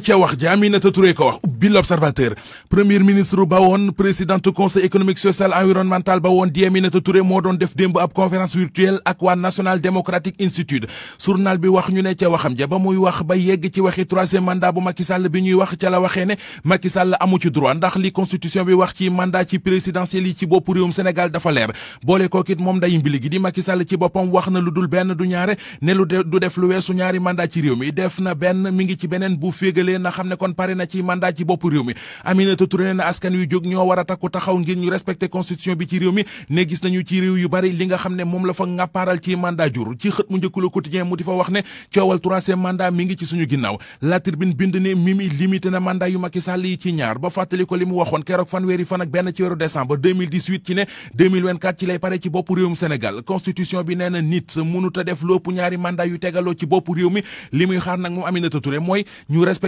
ca wax ji Aminata Touré ko wax ubbi ba muy wax ba yegg ci waxi mandat bu Macky bi ñuy wax ca la waxee ne Macky amu ci droit ndax li constitution bi wax ci mandat ci présidentiel yi ci bopp réewum Sénégal dafa leer boole kookit moom day mbili gi di Macky ci boppam wax na lu dul benn du ñaare ne lu def lu weesu ñaari mandat ci réew mi def na benn mi ci beneen bu féeg yëgalee na xam ne kon pare na ci mandat ci bopp réew mi Aminata Touré nee na askan wi jóg ñoo war a taxaw ngir ñu respecté constitution bi ci réew mi ne gis nañu ci réew yu bari li nga xam ne moom la fa ngàppaaral ci mandat jur ci xët mu njëkk Le Quotidien mu di fa wax ne coowal troisième mandat mi ngi ci suñu ginnaaw La Tribune bind ne Mimi limité na mandat yu Macky Sall yi ci ñaar ba fàttali li mu waxoon keroog fanweeri fan ak benn ci weeru décembre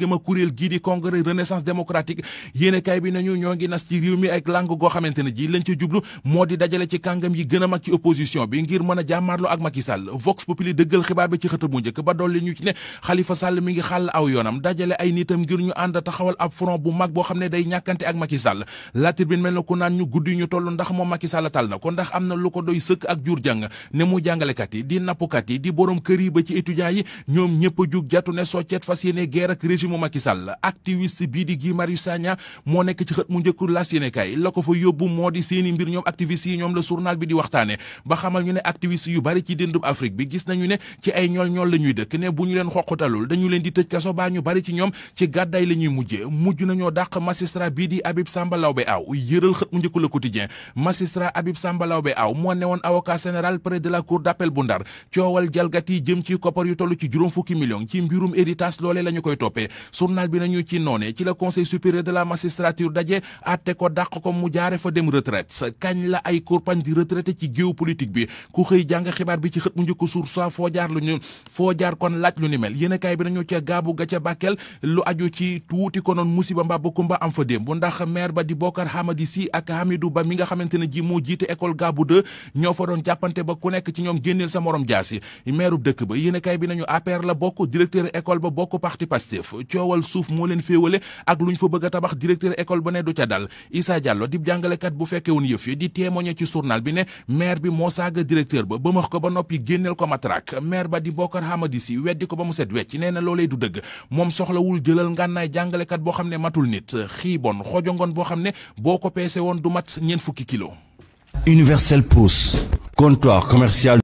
diggam kuréel gii di congrès renaissance démocratique yéene kaay bi nañu ñoo ngi nas ci réew mi ak langue goo xamante ne ji lañ ca jublu moo di dajale ci kàngam yi gën a mag ci opposition bi ngir mën a jàmmaarloo ak Macky Sall Vox Populi dëggal xibaar bi ci xët bu njëkk ba dolli ñu ne Khalifa Sall mi ngi xàll aw yoonam dajale ay nitam ngir ñu ànd taxawal ab front bu mag boo xam ne day ñàkkante ak Macky Sall la tribune mel na ku naan ñu guddi ñu toll yi di nappkat yi di a jug régime Macky Sall activiste bii di Guy Marius Sagna moo nekk ci xët mu njëkkul las la ko fa yóbbu moo di seeni mbir ñoom activiste yi ñoom la journal bi di waxtaane ba xamal ñu ne activiste yu bari ci déndub Afrique bi gis nañu ne ci ay ñool ñool la dëkk ne bu ñu leen xoqatalul dañu leen di tëj kaso baa ñu bari ci ñoom ci gàddaay la mujje mujj nañoo dàq magistrat bii di Habib Samba Lawbe Aw yëral xët mu njëkkul Le Quotidien magistrat Habib Samba Lawbe Aw moo newoon avocat général près de la cour d'appel bu Ndar coowal journal bi nañu ci noone ci la conseil supérieur de la magistrature daje àtte ko dàq ko mu jaare fa dem retraite kañ la ay kurpañ di retraité ci géopolitique bi ku xëy jàng xibaar bi ci xët mu njëkk suur soit foo jaar lu ñu foo jaar kon laaj lu ni mel yéenekaay bi nañu ca gaabu ga ca Bakel lu aju ci tuuti ko noon musiba mbaa bu kumba am fa démb ndax maire ba di Bokar Hamadi Si ak Hamidou Ba mi nga xamante ne ji moo jiite école gaabu 2 ñoo fa doon jàppante ba ku nekk ci ñoom génneel sa morom jaasi maire dëkk ba yéenekaay bi nañu APR la bokk directeur école ba bokk parti Pastef coowal suuf moo leen féewale ak lu ñu fa bëgg tabax directeur école ba ne du ca dal Issa Diallo di jàngalekat bu fekkewun yëf yi di témoigner ci journal bi ne maire bi moo saaga directeur ba ba max ko ba noppi génneel ko matraque maire ba di Bokar Hamadi si weddi ko ba mu set wecc nee na loolee du dëgg moom soxlawul jëlal ngànnaay jàngalekat boo xam ne matul nit xiibon xojongoon boo xam ne boo ko peese woon du mat ñeent fukki kilo universel pousse comptoir commercial